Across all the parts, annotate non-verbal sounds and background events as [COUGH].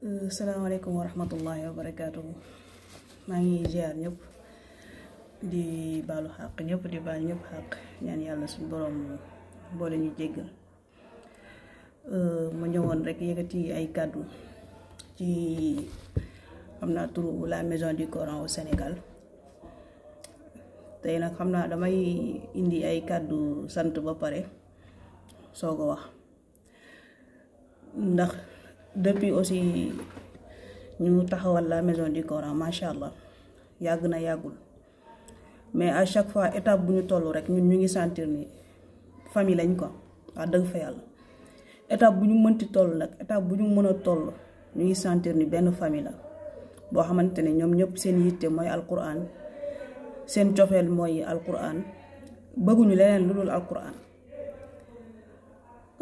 Eh, Assalamualaikum warahmatullahi wabarakatuh Mangi ziar ñep di balu haq ñep di bañ ñep haq ñaan yalla suñu borom bo leñu jéggal euh ma ñëwon rek yëkëti ay cadeau ci amna turu la maison du coran au sénégal tay nak xamna damay indi ay cadeau sante ba paré soko wax ndax depuis aussi ñu taxawal la maison di Coran macha allah yàgg na yàggul mais à chaque fois étape bu ñu tollu rek ñun ñu ngi sentir ni famille lañ ko wax dëgg fa yàlla étape bu ñu mënti toll nag étape bu ñu mën a toll ñu ngi sentir ni benn famille la boo xamante ne ñoom ñëpp seen yitte mooy alquran seen cofeel mooy alquran bëgguñu leneen lu dul alquran.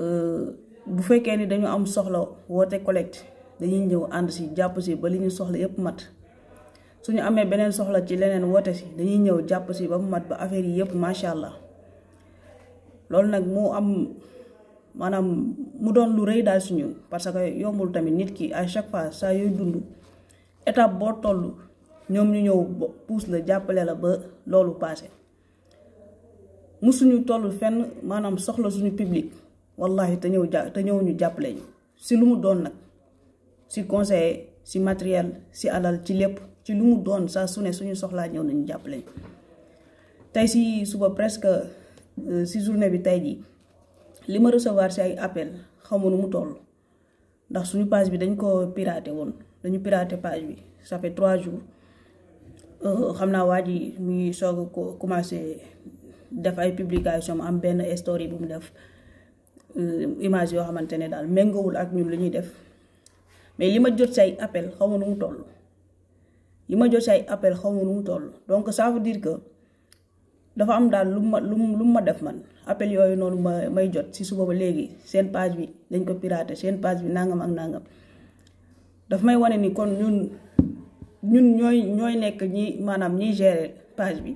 Euh, bu fekkee ni dañu am soxla woote collecte dañuy ñëw ànd si jàpp si ba li ñu soxla yëpp mat suñu amee beneen soxla ci leneen woote si dañuy ñëw jàpp si ba mu mat ba affaire yi yëpp macha allah loolu nag moo am maanaam mu doon lu rëy daal suñu parce que yombul tamit nit ki à chaque fois saa yooyu dund étape boo tollu ñoom ñu ñëw puus la jàppale la ba loolu passé mu suñu tollu fenn maanaam soxla suñu public. wallahi te ñëw ja te ñëw ñu jàppale ñu si lu mu doon nag si conseil si matériel si alal ci lépp ci lu mu doon saa su ne suñu soxlaa ñëw nañu jàppale ñu tey si suba presque euh, si journée bi tey jii li ma recevoir si ay appel xamu nu mu toll ndax suñu page bi dañ ko piraate woon dañu piraté page bi ça fait trois jours euh, xam naa waa ji muy soog a ko commencé def ay publication am benn story bu mu def Euh, image yoo xamante ne daal méngoowul ak ñun lu ñuy def mais li ma jot say appel xaw ma nu mu toll li ma jot say appel xaw ma nu mu toll donc ça veut dire que dafa am daal lu ma lu lu ma def man appel yooyu noonu ma may jot si suba ba léegi seen page bi dañ ko piraté seen page bi nangam ak nangam daf may wane ni kon ñun ñun ñooy ñooy nekk ñi maanaam ñiy gérer page bi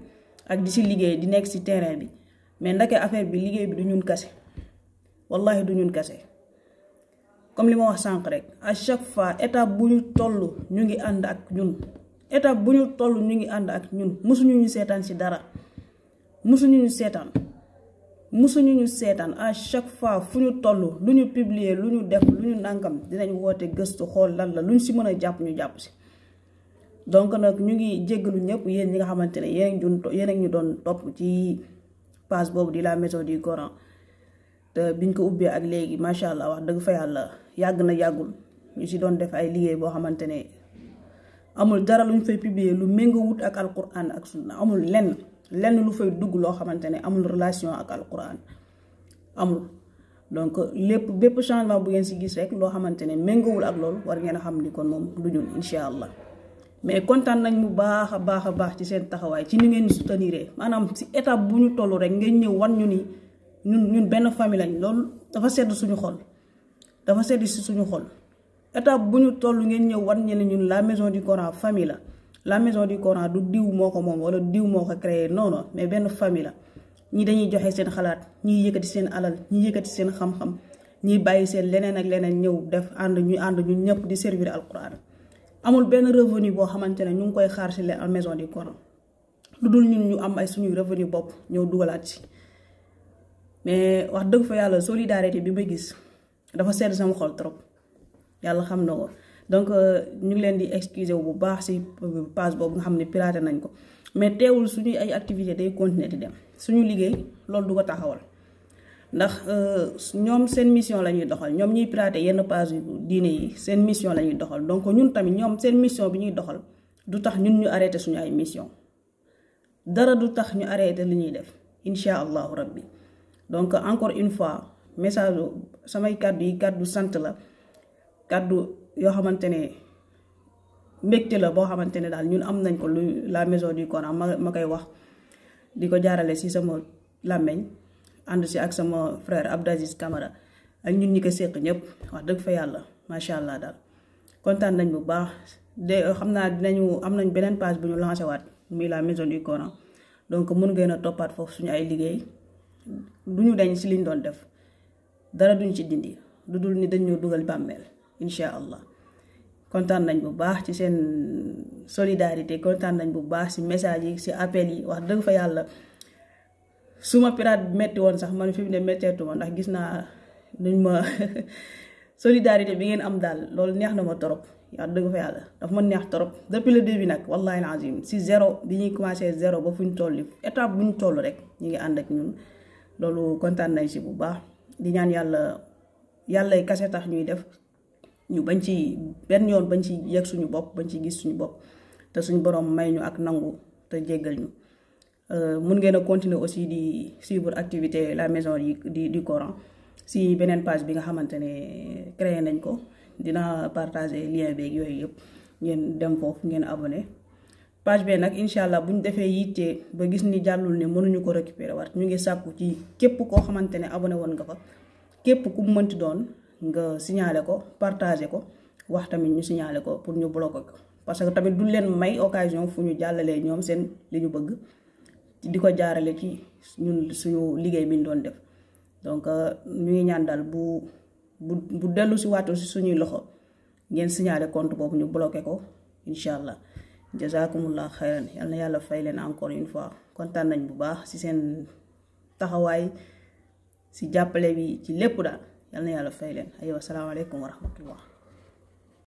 ak di si liggéey di nekk si terrain bi mais ndake affaire bi liggéey bi du ñun kase wallahi du ñun kese comme li ma wax sànq rek à chaque fois étape bu ñu tollu ñu ngi ànd ak ñun étape bu ñu toll ñu ngi ànd ak ñun mësuñu ñu seetaan ci dara mësuñu ñu seetaan mësuñu ñu seetaan à chaque fois fu ñu toll lu ñu publier lu ñu def lu ñu nànkam dinañu woote gëstu xool lan la lu ñu si mën a jàpp ñu jàpp si donc nag ñu ngi jéggalu ñëpp yéen ñi nga xamante ne yéen ñu doon topp ci page boobu di la maison du Coran te biñ ko ubbee ak léegi macha allah wax dëgg fa yàlla yàgg na yàggul ñu si doon def ay liggéey boo xamante ne amul dara luñ fay lu méngoowut ak alquran ak sunna amul lenn lenn lu fay dugg loo xamante ne amul relation ak alquran amul. donc lépp bépp changement bu ngeen si gis rek loo xamante ne méngoowul ak loolu war ngeen a xam ni kon moom lu ñun incha allah mais kontaan nañ mu baax a baax a baax ci seen taxawaay ci ni ngeen soutenir maanaam si étape bu ñu toll rek ngeen ñëw wan ñu ni. ñun ñun benn famille lañ loolu dafa sedd suñu xol dafa sedd si suñu xol état bu ñu toll ngeen ñëw wan ñeneen ñun la maison du Coran famille la. la maison du Coran du diw moo ko moom wala diw moo ko créé non non mais benn famille la ñi dañuy joxe seen xalaat ñi yëkkati seen alal ñi yëkkati seen xam-xam bàyyi seen leneen ak leneen ñëw def ànd ñu ànd ñu ñëpp di servir alquran amul benn revenu boo xamante ne ñu ngi koy xaar si la maison du Coran lu dul ñun ñu am ay suñuy revenu bopp ñëw dugalaat ci. mais wax dëgg fa yàlla solidarité bi ma gis dafa sedd sama xol trop yàlla xam na ko donc euh, ñu ngi leen di excuser wu bu baax si passe boobu nga xam ne piraté nañ ko mais teewul suñuy ay activité day continuer di dem suñu liggéey loolu du ko taxawal ndax euh, ñoom seen mission la ñuy doxal ñoom ñuy piraté yenn page diine yi seen mission la doxal donc ñun tamit ñoom seen mission bi ñuy doxal du tax ñun ñu arrêté suñu ay mission dara du tax ñu arrêté li ñuy def incha allahu rabbi donc encore une fois message samay kàddu yi kàddu sant la kàddu yoo xamante ne mbégte la boo xamante ne daal ñun am nañ ko lu la maison du Coran ma ma koy wax di ko jaarale si sama làmmeñ ànd si ak sama frère Abdou Aziz kamara ak ñun ñi ko séq ñëpp wax dëgg fa yàlla macha allah daal kontaan nañ bu baax de xam naa dinañu am nañ beneen page bu ñu lancé waat muy la maison du Coran donc mun ngeen a toppaat foofu suñu ay liggéey du ñu deñ si liñ doon def dara duñ ci dindi lu dul ni dañ ñoo dugal bàmmeel incha allah kontaan nañ bu baax ci seen solidarité kontaan nañ bu baax ci message yi ci appel yi wax dëgg fa yàlla su ma pirate metti woon sax man fi mu ne metteetu ma ndax gis naa duñ ma [LAUGHS] solidarité bi ngeen am daal loolu neex na ma torop yaa dëgg fa yàlla dafa ma neex torop depuis le début nag wallahi alazim si zéro bi ñuy commencé zéro ba fu ñu toll étape bu ñu toll rek ñu ngi ànd ak lolou contane nañ ci bu baax di ñaan yalla yalla ay kasse tax ñuy def ñu bañ ci ben yoon bañ ci yek suñu bop bañ ci gis suñu bop te suñu borom may ñu ak nangu te jéggal ñu euh mën ngeena continuer aussi di suivre activité la maison di di, di coran si benen page bi nga xamantene créé nañ ko dina partager lien bi ak yoy yep ngeen dem fofu ngeen abonner page be nag incha allah bu ñu defee yittee ba gis ni jàllul ne mënuñu ko récupérer waat ñu ngi sàkku ci képp koo xamante ne abonné woon nga fa képp ku mu mënti doon nga signalé ko partagé ko wax tamit ñu signalé ko pour ñu bloqué ko parce que tamit du leen may occasion fu ñu jàllalee ñoom seen li ñu bëgg di ko jaarale ci ñun suñu liggéey bi doon def donc euh, ñu ngi ñaan daal bu bu bu dellu si si suñuy loxo ngeen signalé compte boobu ñu bloqué ko incha allah. jazakumullah xayran yal na yàlla fay leen encore une fois kontaan nañ bu baax ci seen taxawaay ci jàppale bi ci lépp daal yal na yàlla fay leen aywa salaamaaleykum wa rahmatullah